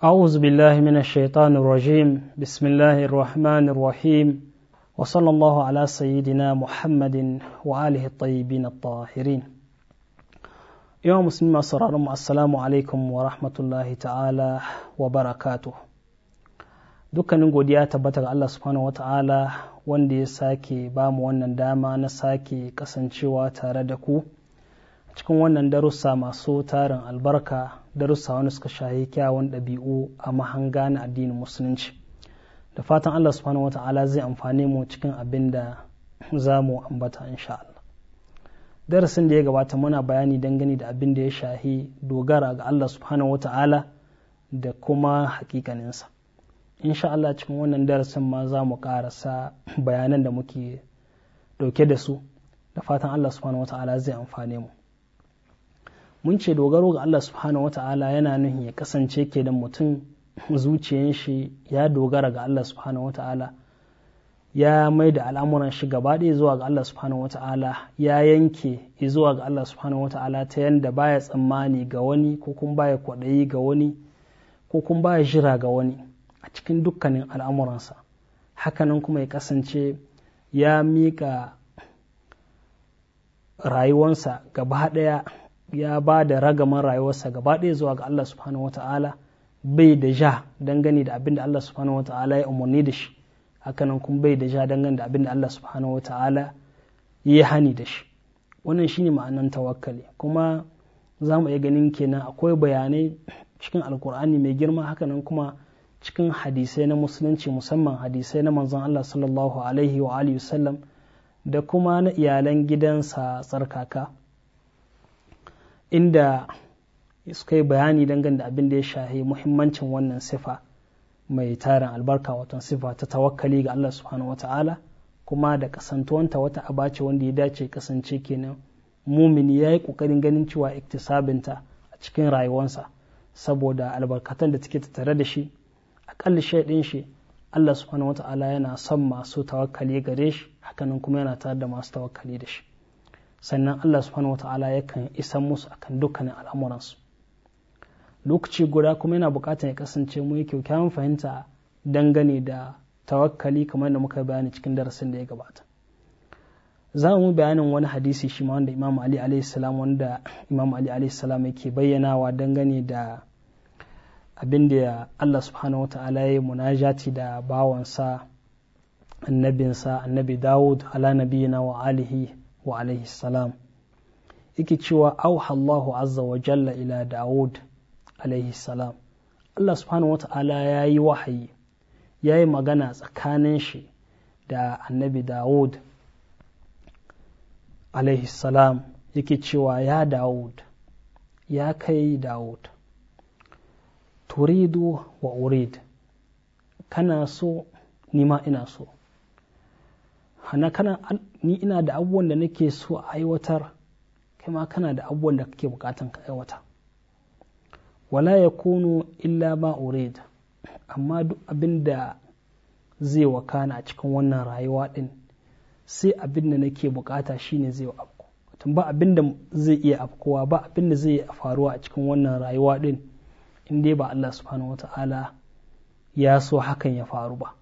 أعوذ بالله من الشيطان الرجيم بسم الله الرحمن الرحيم وصلى الله على سيدنا محمد وآله الطيبين الطاهرين يا مسلم أسرار السلام عليكم ورحمة الله تعالى وبركاته dukkanin godiya tabbata ga Allah subhanahu wata'ala wanda ya sake ba mu wannan dama na sake kasancewa tare da ku cikin wannan darussa masu tarin albarka darussa wani suka shahi kyawun ɗabi'u a mahanga na addinin musulunci da fatan Allah subhanahu wata'ala zai amfani mu cikin abin da za mu ambata insha Allah darasin da ya gabata muna bayani dangane da abin da ya shahi dogara ga Allah subhanahu wata'ala da kuma hakikaninsa insha Allah cikin wannan darasin ma za mu karasa bayanan da muke dauke da su da fatan Allah subhanahu wata'ala zai amfane mu mun ce dogaro ga Allah subhanahu wata'ala yana nuhin ya kasance ke da mutum zuciyan shi ya dogara ga Allah subhanahu wata'ala ya mai da al'amuran shi gaba ɗaya zuwa ga Allah subhanahu wata'ala ya yanke zuwa ga Allah subhanahu wata'ala ta yanda baya tsammani ga wani ko kuma baya kwaɗayi ga wani ko kuma baya jira ga wani a cikin dukkanin al'amuransa hakanan kuma ya kasance ya miƙa rayuwansa gaba ɗaya ya ba da ragaman rayuwarsa gaba ɗaya zuwa ga Allah subhanahu wata'ala bai da ja dangane da abin da Allah subhanahu wata'ala ya umarni da shi hakanan kuma bai da ja dangane da abin da Allah subhanahu wata'ala ya yi hani da shi wannan shine ma'anan tawakkali kuma za mu iya ganin kenan akwai bayanai cikin alkur'ani mai girma hakanan kuma cikin hadisai na musulunci musamman hadisai na manzon Allah sallallahu alaihi wa alihi da kuma na iyalan gidansa tsarkaka inda suka yi bayani dangane da abin da ya shahi muhimmancin wannan sifa mai tarin albarka watan sifa ta tawakkali ga Allah subhanahu ta'ala kuma da kasantuwanta wata abace wanda ya dace kasance kenan mumini ya yi ƙoƙarin ganin cewa iktisabinta a cikin rayuwansa saboda albarkatan da take tattare da shi aƙalla ɗin shi Allah subhanahu ta'ala yana son masu tawakkali gare shi hakanan kuma yana tare da masu tawakkali da shi sannan Allah subhanahu wata'ala yakan isa musu akan dukkanin al'amuransu lokaci guda kuma yana bukatar ya kasance mu yi kyakkyawan fahimta dangane da tawakkali kamar da muka bayani cikin darasin da ya gabata za mu bayanin wani hadisi shi ma wanda imam ali alaihissalam wanda imam ali alaihissalam yake bayyanawa dangane da abin da Allah subhanahu wata'ala ya yi munajati da bawansa annabinsa annabi dawud ala nabiyina wa alihi wa alaihi salam yake cewa auha Allahu azza wa jalla ila Dawud alaihi salam Allah subhanahu wata'ala ya yi wahayi ya yi magana tsakanin shi da annabi Dawud alaihi salam yake cewa ya Dawud ya kai Dawud turidu wa urid kana so nima ina so hana kana ni ina da abubuwan da nake so a aiwatar kai ma kana da abubuwan da kake bukatan ka aiwata wala ya kono illa ma urid amma duk abin da zai wakana a cikin wannan rayuwa din sai abin da nake bukata shine zai abu tun ba abin da zai iya afkowa ba abin da zai faruwa a cikin wannan rayuwa din in dai ba Allah subhanahu wata'ala ya so hakan ya faru ba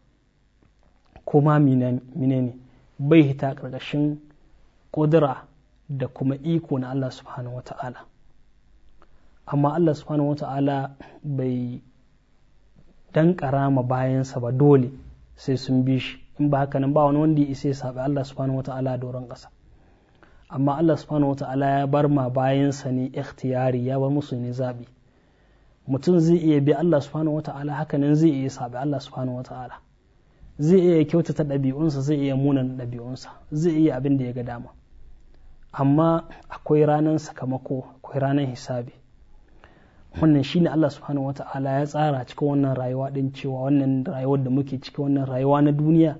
kuma menene bai hita ƙarƙashin ƙudura da kuma iko na Allah subhanahu wa ta'ala amma Allah subhanahu wa ta'ala bai dan karama bayansa ba dole sai sun bi shi in ba haka nan ba wani wanda ya isa ya saɓi Allah subhanahu wa ta'ala doron ƙasa amma Allah subhanahu wa ta'ala ya bar ma bayansa ne ikhtiyari ya bar musu ne zaɓi mutum zai iya bi Allah subhanahu wa ta'ala haka nan zai iya saɓi Allah subhanahu wa ta'ala zai iya kyautata ɗabi'unsa zai iya munan ɗabi'unsa zai iya abin da ya ga dama amma akwai ranar sakamako akwai ranar hisabi wannan shi ne Allah subhanahu wata'ala ya tsara cikin wannan rayuwa din cewa wannan rayuwar da muke cikin wannan rayuwa na duniya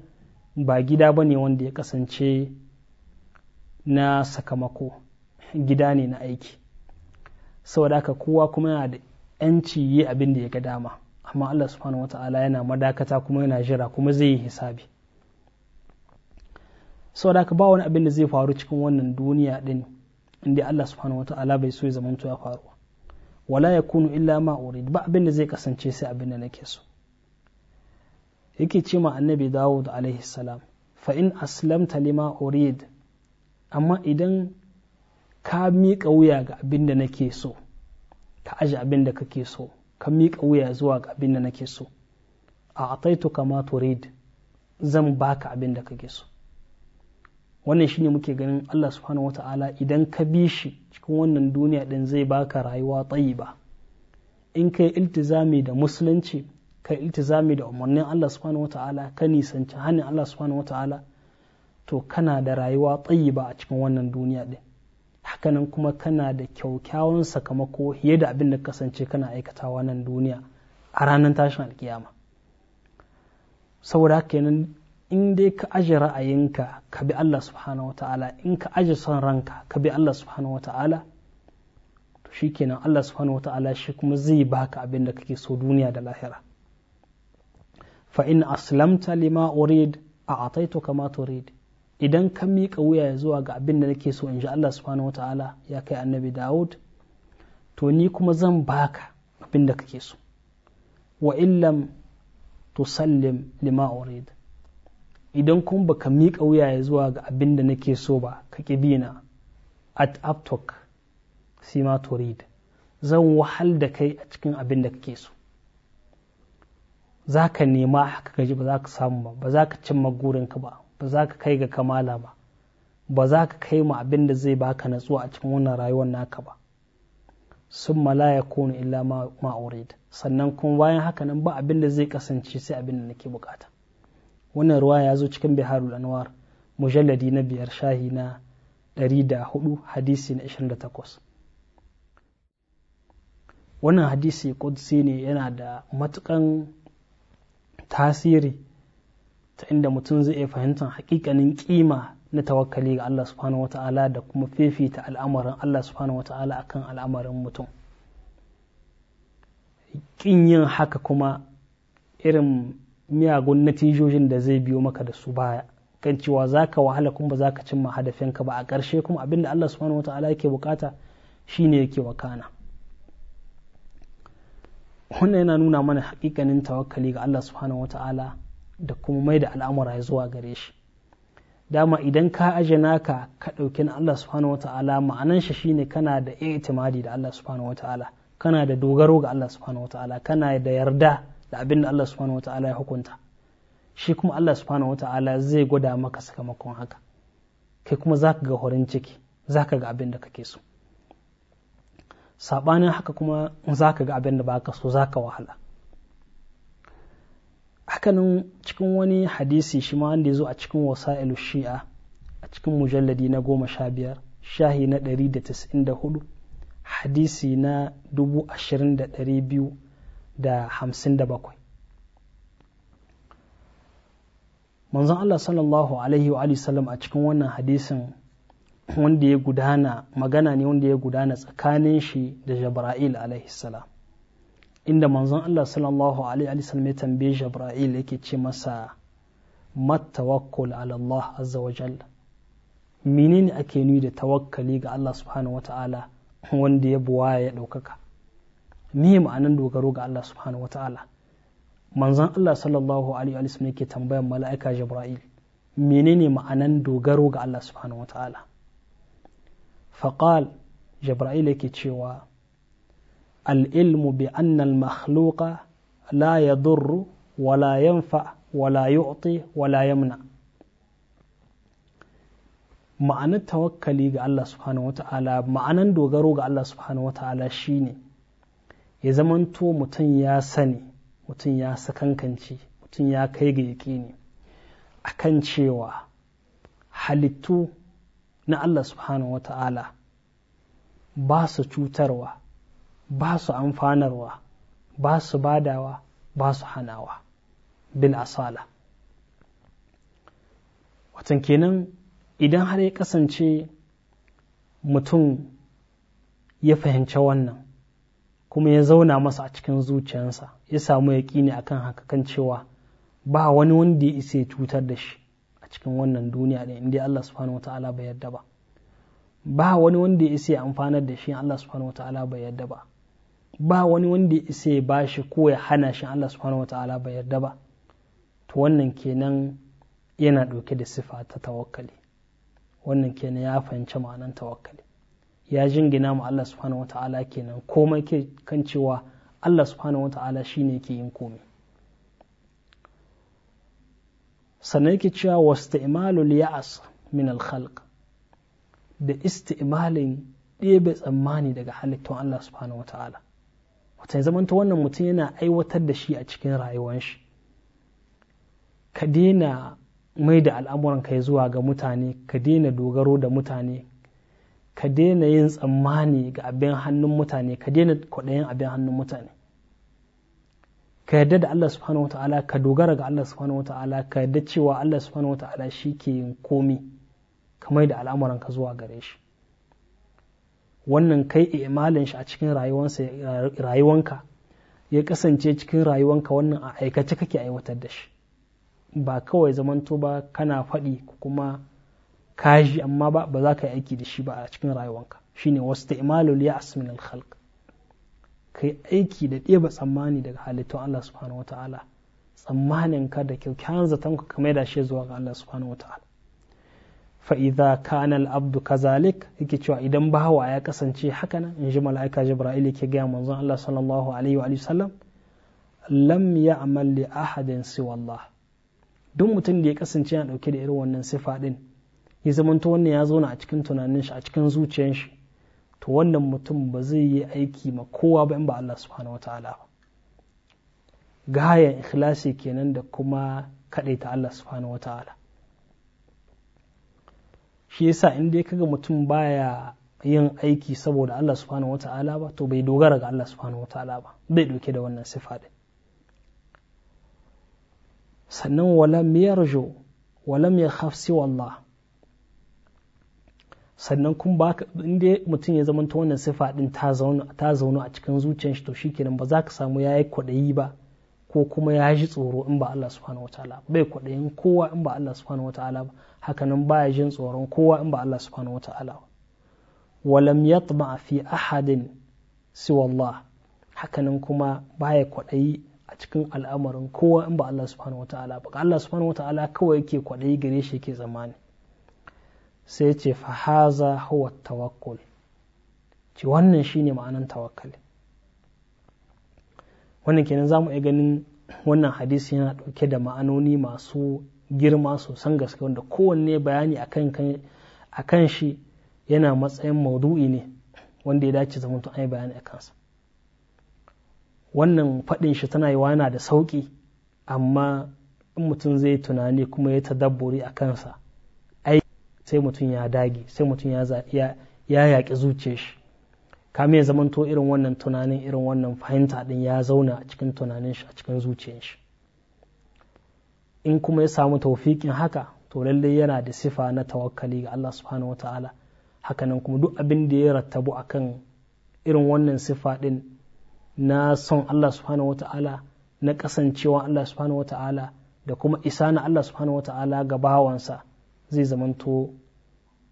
ba gida ba ne wanda ya kasance na sakamako gida ne na aiki saboda haka kowa kuma yana da 'yanci yi abin da ya ga dama amma Allah subhanahu wata'ala yana madakata kuma yana jira kuma zai yi hisabi saboda ka ba wani abin da zai faru cikin wannan duniya din inda Allah subhanahu wata'ala bai so ya zamanto ya faru wala ya kunu illa ma urid ba abin da zai kasance sai abin da nake so yake ce ma annabi Dawud alaihi salam fa in aslamta lima urid amma idan ka miƙa wuya ga abin da nake so ka aje abin da kake so ka miƙa wuya zuwa ga abin da nake so a ataitu kama turid zan baka abin da kake so wannan shine muke ganin Allah subhanahu wata'ala idan ka bi shi cikin wannan duniya din zai baka rayuwa tsayiba in kai iltizami da musulunci kai iltizami da umarnin Allah subhanahu wata'ala ka nisanci hannun Allah subhanahu wata'ala to kana da rayuwa tsayiba a cikin wannan duniya din hakanan kuma kana da kyaukyawan sakamako fiye da abin da kasance kana aikatawa nan duniya a ranar tashin alkiyama saboda haka kenan in dai ka aje ra'ayinka ka bi Allah subhanahu ta'ala in ka aje son ranka ka bi Allah subhanahu ta'ala to shikenan Allah subhanahu ta'ala shi kuma zai baka abin da kake so duniya da lahira fa in aslamta lima urid a'taytuka ma turid idan ka miƙa wuya zuwa ga abin da nake so in ji Allah subhanahu wa ta'ala ya kai annabi Dawud to ni kuma zan baka abin da kake so wa illam tusallim lima urid idan kuma baka miƙa wuya zuwa ga abin da nake so ba ka kibina at aptok sima turid zan wahal da kai a cikin abin da kake so za ka nema haka gaji ba za ka samu ba ba za ka cimma gurinka ba ba za ka kai ga kamala ba ba za ka kai ma abin da zai baka natsuwa a cikin wannan rayuwar naka ba sun malaya kone illa ma'aurid sannan kuma bayan haka nan ba abin da zai kasance sai abin da nake bukata wannan ruwa ya zo cikin biharul anwar mujalladi na biyar shahi na hudu, hadisi na 28 wannan hadisi kudsi ne yana da matukan tasiri ta inda mutum zai iya fahimtar hakikanin kima na tawakkali ga Allah subhanahu wata'ala da kuma fifita al'amarin Allah subhanahu wata'ala akan al'amarin mutum kin yin haka kuma irin miyagun natijojin da zai biyo maka da su baya kan cewa zaka wahala kuma za ka cimma hadafinka ba a ƙarshe kuma abinda Allah subhanahu wata'ala yake bukata shine yake wakana wannan yana nuna mana hakikanin tawakkali ga Allah subhanahu wata'ala da kuma mai da al'amura zuwa gare shi dama idan ka aje naka ka ɗauki na Allah subhanahu wata'ala ma'anan shi shine kana da i'timadi da Allah subhanahu wata'ala kana da dogaro ga Allah subhanahu wata'ala kana da yarda da abin da Allah subhanahu wata'ala ya hukunta shi kuma Allah subhanahu wata'ala zai gwada maka sakamakon haka kai kuma zaka ga horin ciki zaka ga abin da kake so Saɓanin haka kuma zaka ga abin da baka so zaka wahala hakanan cikin wani hadisi shi ma wanda ya zo a cikin wasa'ilu shi'a a cikin mujalladi na goma sha biyar shahi na ɗari da tasa'in da hudu hadisi na dubu ashirin da ɗari biyu da hamsin da bakwai manzon Allah sallallahu alaihi wa sallam a cikin wannan hadisin wanda ya gudana magana ne wanda ya gudana tsakanin shi da jabra'il alaihi salam inda manzon Allah sallallahu alaihi wasallam ya tambaye Jibril yake ce masa matawakkul ala Allah azza wa jalla menene ake nuni da tawakkali ga Allah subhanahu wata'ala wanda ya buwaya ya daukaka me ma'anan dogaro ga Allah subhanahu wata'ala manzon Allah sallallahu alaihi wasallam yake tambayan mala'ika Jibril menene ma'anan dogaro ga Allah subhanahu wata'ala faqal Jibril yake cewa العلم بأن المخلوق لا يضر ولا ينفع ولا يعطي ولا يمنع ma'anar tawakkali ga Allah subhanahu ta'ala, ma'anan dogaro ga Allah subhanahu shi shine ya zamanto mutum ya sani mutum ya sakankanci mutum ya kai ga yaƙini akan cewa halittu na Allah subhanahu ta'ala ba su cutarwa ba su amfanarwa ba su badawa ba su hanawa bil asala watan kenan idan har ya kasance mutum ya fahimci wannan kuma ya zauna masa a cikin zuciyarsa ya samu ya ne a kan haka kan cewa ba wani wanda ya isa ya cutar da shi a cikin wannan duniya da inda Allah subhanahu wa ta'ala bai yarda ba ba wani wanda ya isa ya amfanar da shi Allah subhanahu wa ta'ala bai yarda ba ba wani wanda ya isa ya bashi ko ya hana shi Allah subhanahu wataala bai yarda ba to wannan kenan yana ɗauke da sifa ta tawakkali wannan kenan ya fahimci ma'anan tawakkali ya jingina ma Allah subhanahu wataala kenan komai ke kan cewa Allah subhanahu wataala shine ke yin komai sannan yake cewa wasti'malul ya'as min al-khalq da isti'malin ɗebe tsammani daga halittun Allah subhanahu wataala wata ya zamanta wannan mutum yana aiwatar da shi a cikin rayuwar shi ka daina mai da al'amuran kai zuwa ga mutane ka daina dogaro da mutane ka daina yin tsammani ga abin hannun mutane ka daina kwaɗayin abin hannun mutane ka yarda da Allah subhanahu wa ta'ala ka dogara ga Allah subhanahu wa ta'ala ka yarda cewa Allah subhanahu wa ta'ala shi ke yin komi ka mai da al'amuran ka zuwa gare shi wannan kai imalin shi a cikin rayuwanka ya kasance cikin rayuwanka wannan a aikace kake aiwatar da shi ba kawai zamanto ba kana faɗi kuma kaji amma ba ba za ka yi aiki da shi ba a cikin rayuwanka ne wasu ta imalul a asmin alhalk ka yi aiki da ɗeba tsammani daga halittun Allah subhanahu wa ta'ala tsammanin ka da kyan zaton ka kamar da shi zuwa ga Allah subhanahu wa ta'ala fa'iza kanal abdu kazalik yake cewa idan bawa ya kasance haka nan in ji mala'ika jibra'il yake gaya manzon Allah sallallahu alaihi wa sallam lam ya'mal li ahadin siwallah duk mutum da ya kasance yana dauke da irin wannan sifa din ya zamanto wannan ya zauna a cikin tunanin shi a cikin zuciyar shi to wannan mutum ba zai yi aiki ma kowa ba in ba Allah subhanahu wataala ba gayan ikhlasi kenan da kuma kadaita Allah subhanahu shi yasa in dai kaga mutum baya yin aiki saboda Allah subhanahu wata'ala ba to bai dogara ga Allah subhanahu wata'ala ba bai ɗauke da wannan sifa ɗin sannan wala yarjo walam ya hafsi wallah sannan kun ba dai mutum ya zama ta wannan sifa ɗin ta zauna a cikin zuciyar shi to shikenan ba za ka samu yayi kwaɗayi ba ko kuma ya ji tsoro in ba Allah subhanahu wataala bai kwaɗayin kowa in ba Allah subhanahu wataala ba hakanan baya jin tsoron kowa in ba Allah subhanahu wataala ba walam yatma fi ahadin siwa Allah hakanan kuma baya kwaɗayi a cikin al'amarin kowa in ba Allah subhanahu wataala ba Allah subhanahu wataala kawai yake kwaɗayi gare shi yake zamani sai ce fahaza huwa tawakkul ci wannan shine ma'anan tawakkali wannan kenan za mu iya ganin wannan hadisi yana ɗauke da ma'anoni masu girma sosan gaske wanda kowanne bayani a kan shi yana matsayin maudu'i ne wanda ya dace zama tun yi bayani a kansa wannan faɗin shi tana yiwa wana da sauki amma in mutum zai tunani kuma ya tadabburi a kansa ai sai mutum ya dage sai mutum ya yaƙi zuciyar shi kame ya zamanto irin wannan tunanin irin wannan fahimta din ya zauna a cikin tunanin shi a cikin zuciyar shi in kuma ya samu taufikin haka to lallai yana da sifa na tawakkali ga Allah subhanahu wataala hakanan kuma duk abin da ya rattabu akan irin wannan sifa din na son Allah subhanahu wataala na kasancewa Allah subhanahu wataala da kuma isa na Allah subhanahu wataala ga bawansa zai zamanto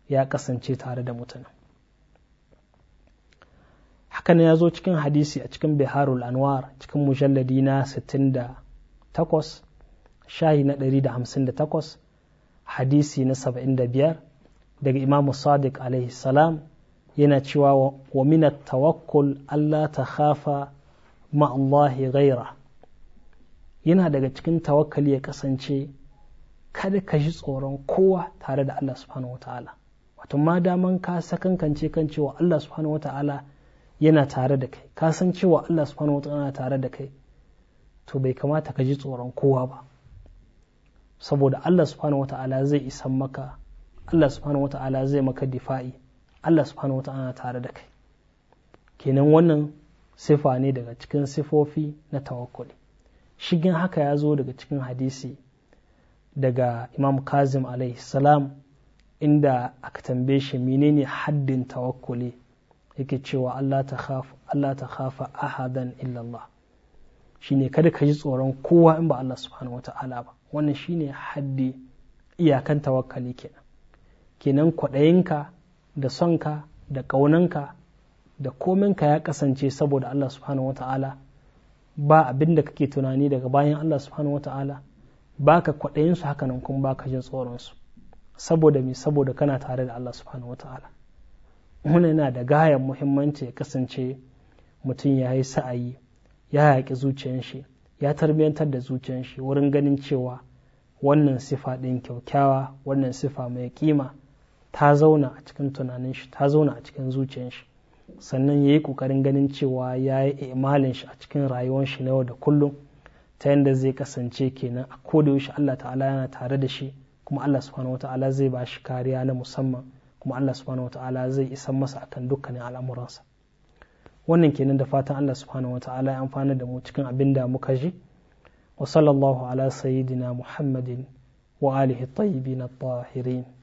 ya kasance tare da mutum haka ne ya zo cikin hadisi a cikin biharul anwar cikin mujalladi na 68 shahi na 158 hadisi na 75 daga imamu sadiq alaihi salam yana cewa wa minat tawakkul Allah ta khafa ma'allahi ghaira yana daga cikin tawakkali ya kasance kada ka ji tsoron kowa tare da Allah subhanahu wa ta'ala wato ma daman ka sakankance kan cewa Allah subhanahu wa ta'ala yana tare da kai ka san cewa Allah subhanahu wataala tare da kai to bai kamata ka ji tsoron kowa ba saboda Allah subhanahu wataala zai isan maka Allah subhanahu wataala zai maka difa'i Allah subhanahu wataala tare da kai kenan wannan sifa ne daga cikin sifofi na tawakkuli shigin haka ya zo daga cikin hadisi daga Imam Kazim alaihi salam inda aka tambaye shi menene haddin tawakkuli yake cewa Allah ta khafa Allah ta khafa ahadan illallah shine kada ka ji tsoron kowa in ba Allah subhanahu wata'ala ba wannan shine haddi iyakan tawakkali kenan kenan kwaɗayinka da sonka da ƙaunanka da kominka ya kasance saboda Allah subhanahu wata'ala ba abin da kake tunani daga bayan Allah subhanahu wata'ala ba ka kwaɗayinsu hakanan kuma ba ka jin su saboda me saboda kana tare da Allah subhanahu wata'ala wani yana da gayan muhimmanci ya kasance mutum ya yi sa'ayi ya yaƙi zuciyan shi ya tarbiyantar da zuciyan shi wurin ganin cewa wannan sifa ɗin kyaukyawa wannan sifa mai kima ta zauna a cikin tunanin shi ta zauna a cikin zuciyan shi sannan ya yi ƙoƙarin ganin cewa ya yi imalin shi a cikin rayuwar shi na yau da kullum ta yadda zai kasance kenan a koda yaushe Allah ta'ala yana tare da shi kuma Allah subhanahu wa ta'ala zai ba shi kariya na musamman kuma Allah subhanahu wata'ala zai isan masa akan dukkanin al'amuransa wannan kenan da fatan Allah subhanahu wata'ala ya amfana da mu cikin abin da muka ji wa sallallahu ala sayyidina muhammadin wa alihi tayyibin at-tahirin